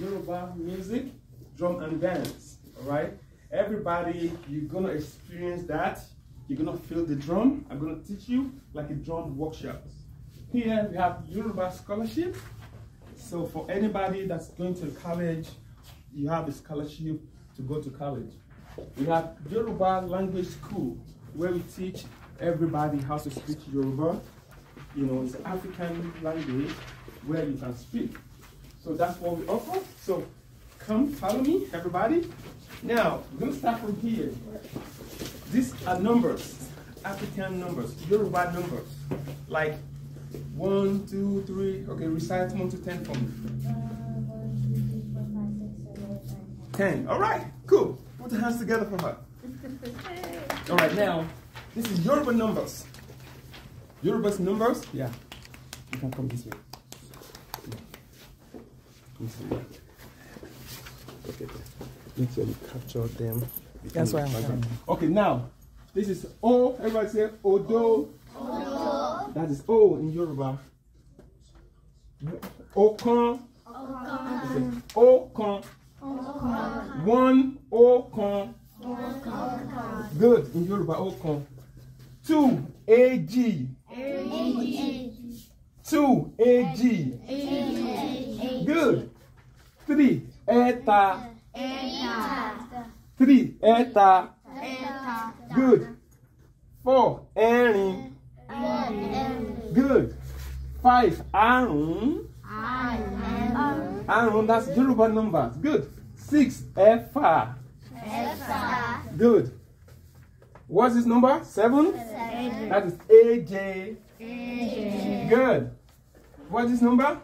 Yoruba music, drum and dance, all right? Everybody, you're gonna experience that. You're gonna feel the drum. I'm gonna teach you like a drum workshop. Here we have Yoruba scholarship. So for anybody that's going to college, you have a scholarship to go to college. We have Yoruba language school where we teach everybody how to speak Yoruba. You know, it's African language where you can speak. So that's what we offer. So come follow me, everybody. Now, we're going to start from here. These are numbers, African numbers, Yoruba numbers. Like one, two, three. Okay, recite one to ten for me. Ten. six, seven, eight, ten. All right, cool. Put the hands together for her. All right, now, this is Yoruba numbers. Yoruba's numbers, yeah. You can come this way easily. Look at Make sure you capture them. That's why I'm coming. Okay, now, this is O. Everybody say Odo. Odo. That is O in Yoruba. Okan. Okan. Okan. One Okan. Okan. Good. In Yoruba, Okan. Two AG. AG. Two AG. AG. Good. Three. Eta. Eta. Three. Eta. Eta. Good. Four. Erin. Good. Five. Arun. Arun. That's Yoruba Number Good. Six. Efa. Efa. Good. What's this number? Seven? Seven. That is AJ. AJ. Good. What's this number?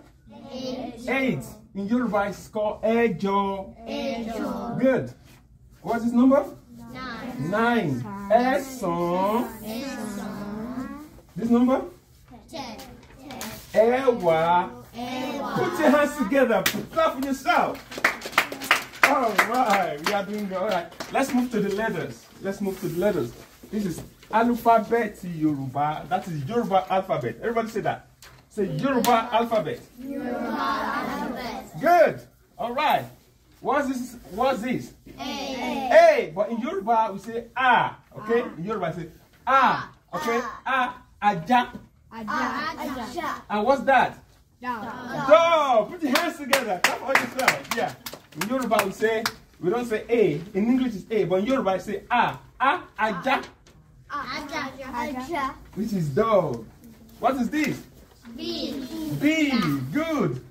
Eight. Eight. In Yoruba, it's called Ẹjọ. Ẹjọ. Good. What's his number? Nine. Nine. Ẹ̀sán. Eson. This number? Ten. Ẹ̀wá. Ẹ̀wá. Put your hands together. Clap for yourself. All right. We are doing good. All right. Let's move to the letters. Let's move to the letters. This is alphabet Yoruba. That is Yoruba alphabet. Everybody say that. Say Yoruba alphabet. Yoruba alphabet. Good. All right. What's this? What's this? A. A. But in Yoruba, we say ah. Okay? In Yoruba, we say ah. Okay? Ah. Aja. Aja. Aja. And what's that? Dog. Dog. Put your hands together. Come on, yourself. Yeah. In Yoruba, we say, we don't say A. In English, it's A. But in Yoruba, we say ah. Ah. Aja. Aja. Aja. Which is dog. What is this? B. B. Good.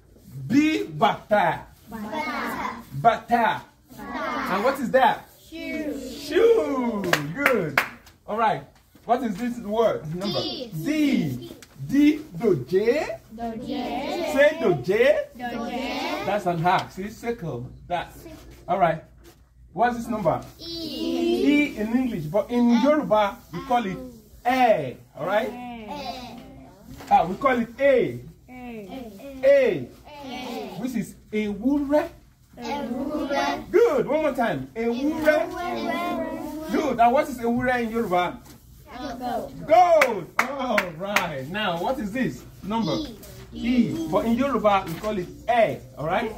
B. Bata. Bata. Bata. And what is that? Shoe. Shoe. Good. All right. What is this word? Number. D. D. J. Doje. Doje. Say doje. Doje. That's an half. See, circle. That. All right. What's this number? E. E in English, but in Yoruba, we call it A. All right? Ah, we call it A. A. A. a. a. Which is a Ewúrẹ́. Good. One more time. a Ewúrẹ́. Good. Now, what a is ewúrẹ́ in Yoruba? Goat. Goat. All right. Now, what is this number? E. e. e. But in Yoruba, we call it a. All right.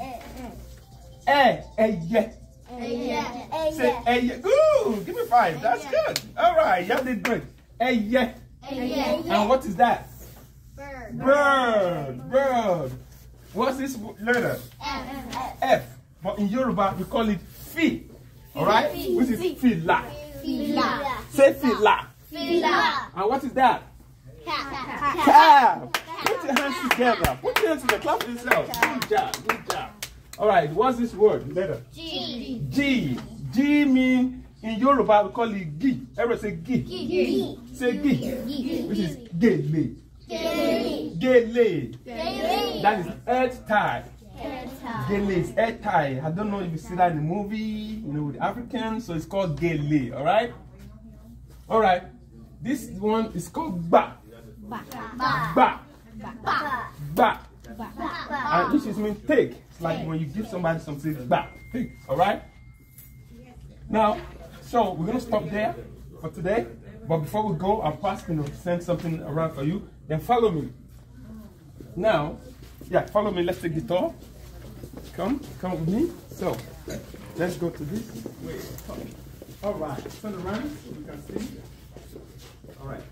A E. Ẹyẹ. Ẹyẹ. Say ẹyẹ. Good. Give me five. That's good. All right. You All right. Y'all did great. Ẹyẹ. Ẹyẹ. And what is that? Bird. Bird. What's this letter? F. F. But in Yoruba, we call it fi. Alright? Which is fila. Fila. Say fila. Fila. And what is that? Calf. Calf. Put your hands together. Put your hands together. Clap yourself. Good job. Good job. Alright, what's this word? Letter. G. G. G means in Yoruba we call it gi. Everyone say gi. gi. Say gi. Which is gele. Gele daily. daily. That is earth tie. is head tie. I don't know if you see that in the movie, you know, with African, so it's called gele, all right? All right. This one is called ba. Ba. Ba. Ba. Ba. ba. ba. ba. And this is mean take. It's like when you give somebody something, it's ba. Take, all right? Now, so we're going to stop there for today. But before we go, I'm asking to send something around for you. Then follow me. Now, yeah, follow me. Let's take the tour. Come, come with me. So, let's go to this. Wait, all right, turn around so we can see. All right.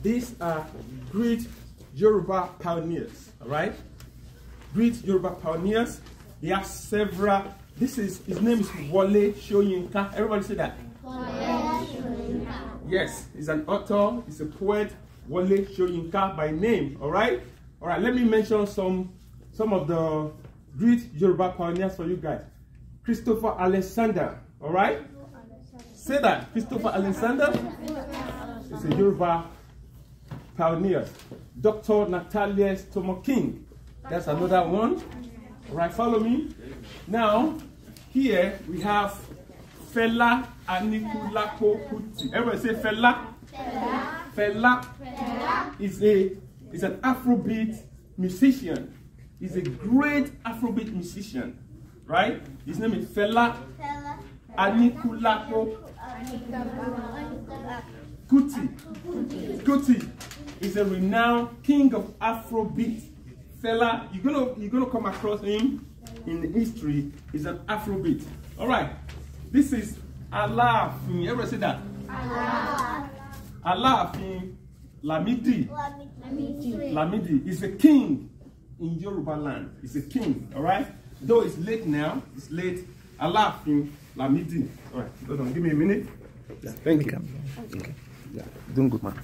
These are great Yoruba pioneers, all right? Great Yoruba pioneers. They have several. This is, his name is Wole Shoyinka. Everybody say that. Yes, he's an author, he's a poet, Wole Shoyinka by name, all right? All right, let me mention some some of the great Yoruba pioneers for you guys. Christopher Alexander, all right? Say that, Christopher Alexander It's a Yoruba pioneer. Dr. Natalia Stomoking, that's another one. All right, follow me. Now, here we have Fela Anikulapo Kuti. Everyone say Fela. Fela. Fela. Fela. Fela. Is a He's an Afrobeat musician. He's a great Afrobeat musician, right? His name is Fela, Fela. Anikulapo Kuti. Kuti is a renowned king of Afrobeat. Fela, you're gonna you're gonna come across him in the history. He's an Afrobeat. All right, this is You Ever say that. Alaafin. Alaafin Lamidi. Lamidi. Lamidi is a king in Yoruba land. He's a king, all right? Though it's late now, it's late. Alafin Lamidi. All right, hold on, give me a minute. Yeah, thank you. Okay. Yeah, doing good, man.